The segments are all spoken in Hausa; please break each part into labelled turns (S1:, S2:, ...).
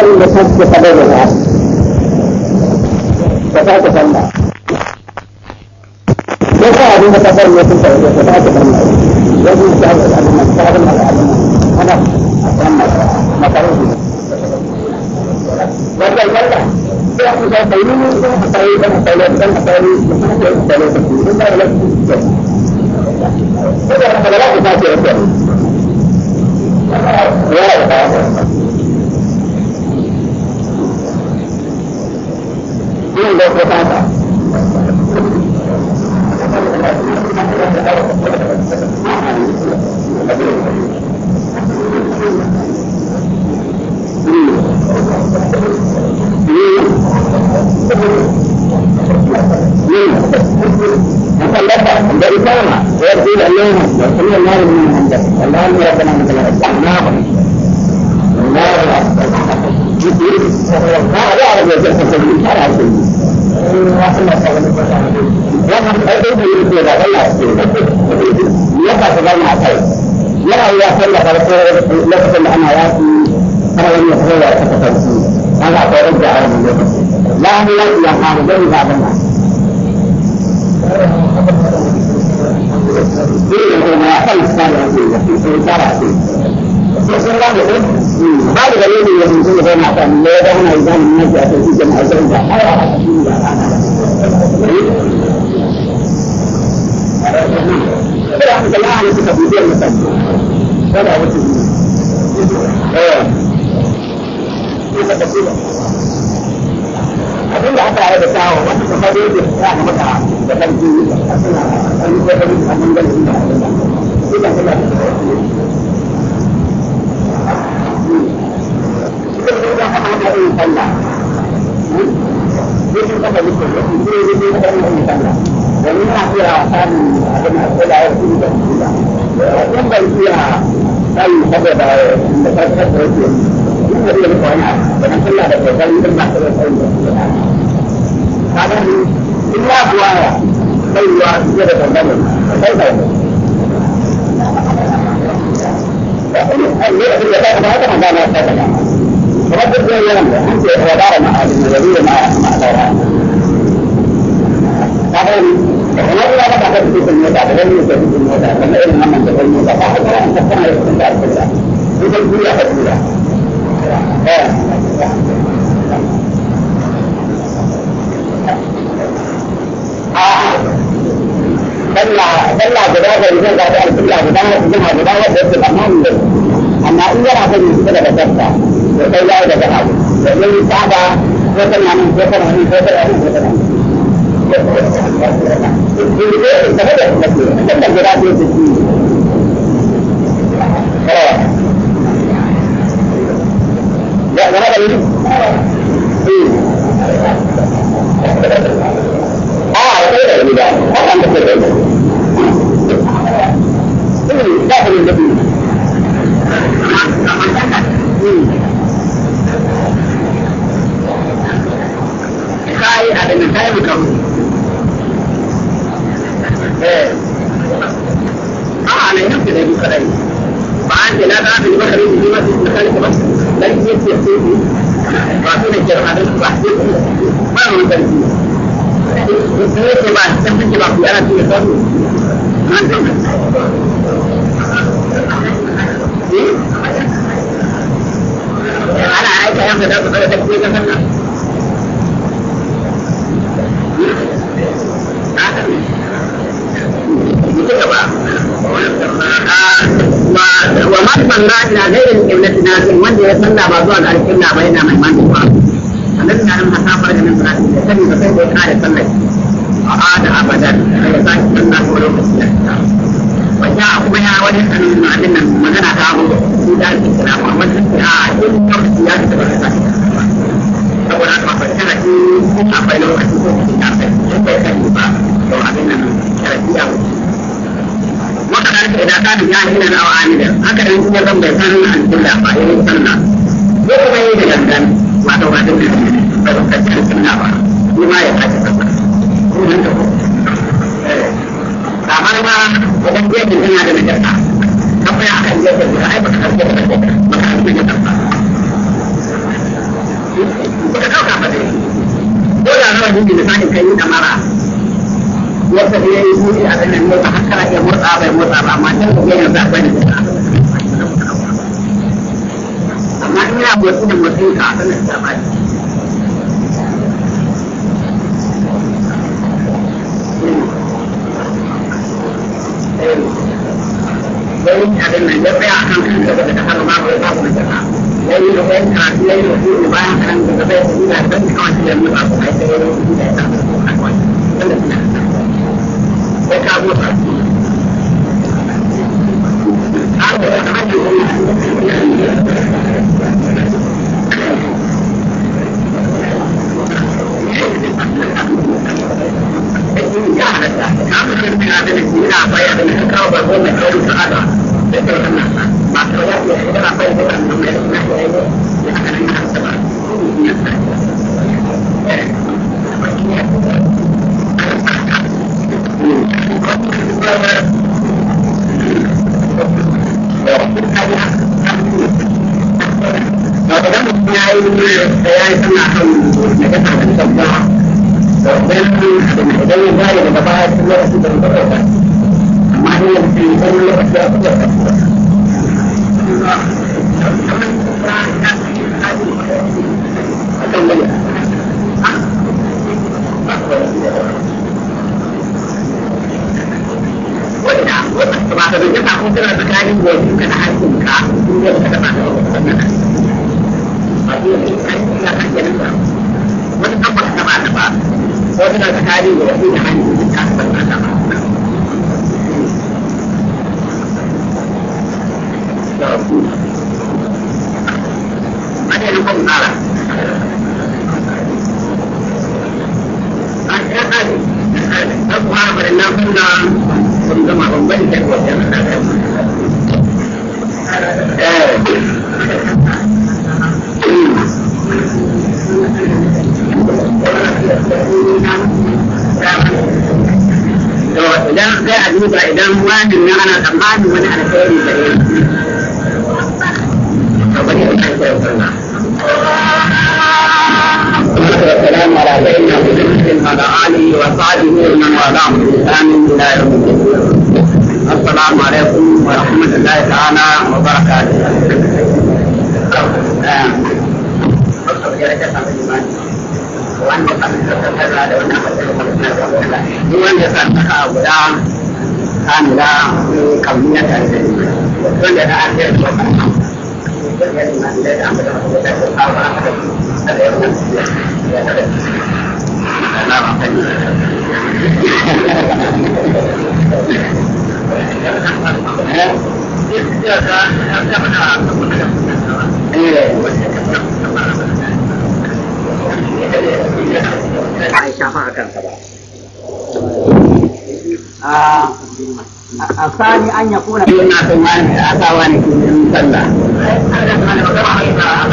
S1: كل شخص سبب العصر فتاتك الله يساعد المتقدم في فتاتك الله يجب الشعب العلماء الشعب العلماء انا اتحمل مصاريفي ولا يلا ياخذ تيمين ياخذ تيمين تيمين تيمين تيمين تيمين تيمين أتكلم على شيء لا تكلم عن حياتي أنا لم أتزوج كتفلسفي هذا أترجع لا لا هي إلى خارجين بعض الناس إيه ما يحتاج سالفة في إشارة هذا دليل يقول غير معتاد لا يدعون أيضا الناس يأتي في جمع الزوجة ก็ไม่รู้สิ่าที่นี่ที่ต้องมีกันนะเดี๋ยวนี้นีกเีาท่านเป็นนักกด้าที่มีกวามสุขเดี๋วต้องไปทีฬาได้เขาเกิดอะไรทต่ถ้าเขาเกิดขึ้นที่เรียนก่อนนะแต่ถ้าเขาอากจะเริดได้เป็นหนักเไย่ขา้นี่ได้ถ้าท่านคิดว่าตัวไม่ว่าจะเป็นได้หรืไม่ได้แต่ไอ้เดื่องที่เร็ได้มาต้องกาไม่ไรกัน رد زي انت عباره مع الولي مع مع طبعا احنا لا نبحث في الموتى تغني في الموتى فنقل لما انت في الموتى فاحد ولا انت كما يكون بعد كده اذا الدنيا قد صلى صلى جنازه يقول بعد ان صلى جنازه جمعه جنازه يصل امام اما ان يرى في المسجد بكفه وكي لا يتذهب وكي صعب وصل عن وصل عن وصل عن وصل عن في البيت استفدت المسجد حتى الجنازه يصل فيه ba yana mai mani ba annabi na nan hasa fara ganin da sani sai kare a ada abadan daga sake sunna ko lokaci ya wa ya kuma ya wani ma'adin nan magana ta su da ake kira lokaci ya ta ba saboda haka ba in akwai lokaci ko kuma ya ta ba ba to abin nan ya wuce ko kuma yi da gangan wato ba duk da bukatun sunna ba ni ma ya kace sassa kullun da ko kamar ma wajen gefe suna da nagarta kamar ya kan gefe guda ai baka karɓo da ko baka karɓo da karɓa baka ɗauka ba dai ko da nawa jinki da sa'in kai da mara wata da ya yi a ganin motsa har kana iya motsa bai motsa ba amma can da yanzu akwai da นั้นแม่บุญที่มาที่ขาดนั่นจะไปเลยอะไรนั่นเไปอ่านข้าก็จะทำมาเลยครับผมจะเลยเป็นการเลยบ้างขางๆก็จะเป็นการเป็นการเรียนรู้ะไรไปเรื่อยๆที่จะทำให้คนไปเรื่อยๆไปข้าวต่อไป้าวต่อไปอยู่ที่ไหน halatta samun shirka da shi yana bayar da kawo ba ko mai kawo su hada da kai wannan ba ta wasu ya shiga ba ko kan nan mai na yayi ya kana ni kan saba Ba ta gama ya yi ya yi suna kan da ta kan da ta الجو الغالي بتبعها كلها في الدرجة ما هي في كل الأشياء Thank you. มันต้องบาทำอะไรบ้างเพราะฉะนั้นการที่เราที่จะให้ทุกท่านเป็นอาจารย์ไม่ได้รู้ก็มาละไอ้ไอ้ถ้าพามาเรีนนักบุญนะผมจะมาผมไม่ได้กลัวใช่ไหมเออ إذا جاء المطر إذا واحد معنى الأقاد ومنع الخير والسلام على سيدنا محمد وعلى آله وصحبه ومن والاه بإحسان إلى يوم الدين. السلام عليكم ورحمة الله تعالى وبركاته. آه. anh được nhưng an faɗa da tattara da wannan duk wanda santaka guda kamila kamuna tare da ni wanda na an yarda ba Yeah. Aisyah makan sabar. Ah, asalnya hanya pula di nasungan asawan itu entahlah.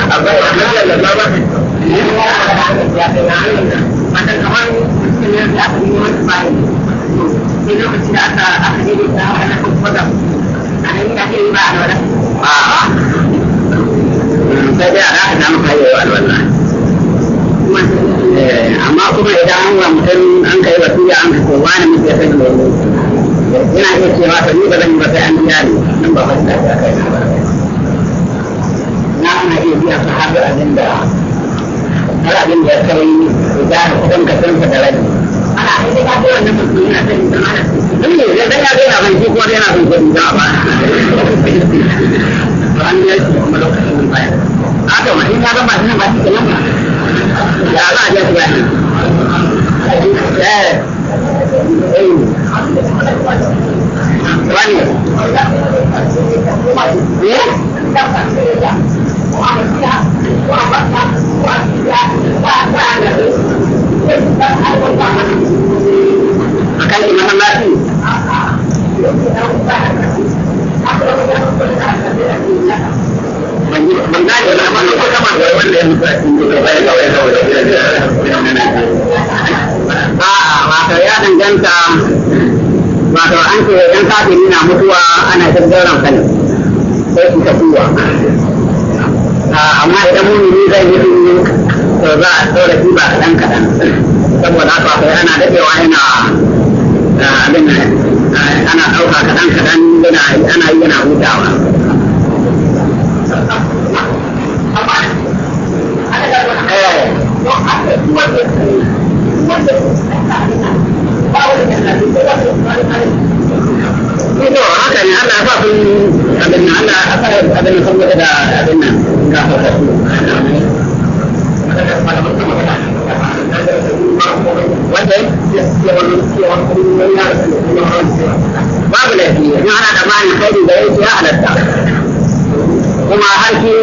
S2: Apa yang ada dalam ini?
S1: Ini ada dalam ini. Macam kawan ini dia pun baik. Ini kecil ada ini dia ada kuat. Ini dah hilang. Ah. Saya ada nama saya Wan Wan. Eh, amma kuma idan an wa mutum an kai wasu ya an kuma wani mutum ya kai lori eh, yana iya cewa ka ni ba zan yi ba sai an biya ne nan ba fasita ta kai ba na ana iya biya su har da abin da har abin da ya kai idan ya kudin ka san ka da rabi Ana ake ga kowane mutum yana da ita ma da su. Ina yi zai zai ya zai ya ban ko kuma yana son ko ba. Ba an yi ya ce ba malauka ne ba. Aka ma in ya ga ba ina ba shi kenan ba. Jarak dia berani. Jadi, berani. Akan dimana lagi? Mengajar apa? Apa nama dewan demokrasi? an ce dan kafiri na mutuwa ana gaggaran sa ne sai su tafiwa ah, amma idan mumini zai mutu to za a tsora shi ba kaɗan kaɗan saboda haka akwai ana daɗewa yana ah, abin ah, ana ɗauka kaɗan kaɗan yana ana yana hutawa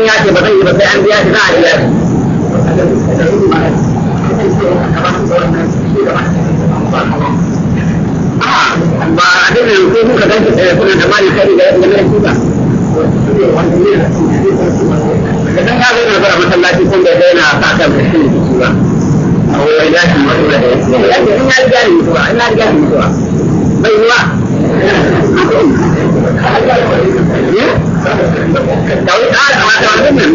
S2: ياتي بغير بس عن بياتي ما عليه ياتي
S1: وبعدين يكون كذلك يكون الجمال الخيري لا يكون لكن هذا يقول مثلا لا تكون لدينا ساعة في أو إذا كان لكن إن الرجال مسؤولة إن الرجال مسؤولة bai yiwa eh? tauhid ala ah, kamata wannan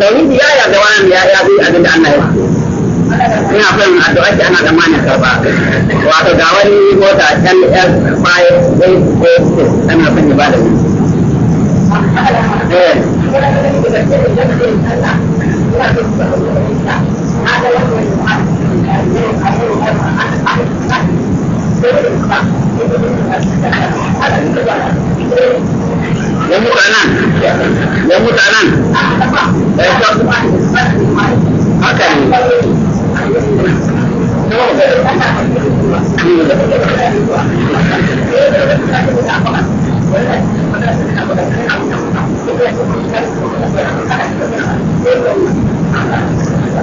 S1: tauhid ya yarda wannan ya ya bi abin da Allah ya ina son addu'a ce ana zamanin karba wato ga wani mota can ya baya zai ko ana son ya bada wani yang buka nan yang buka nan akan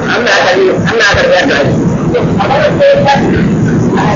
S1: Anda akan anda akan lihat lagi.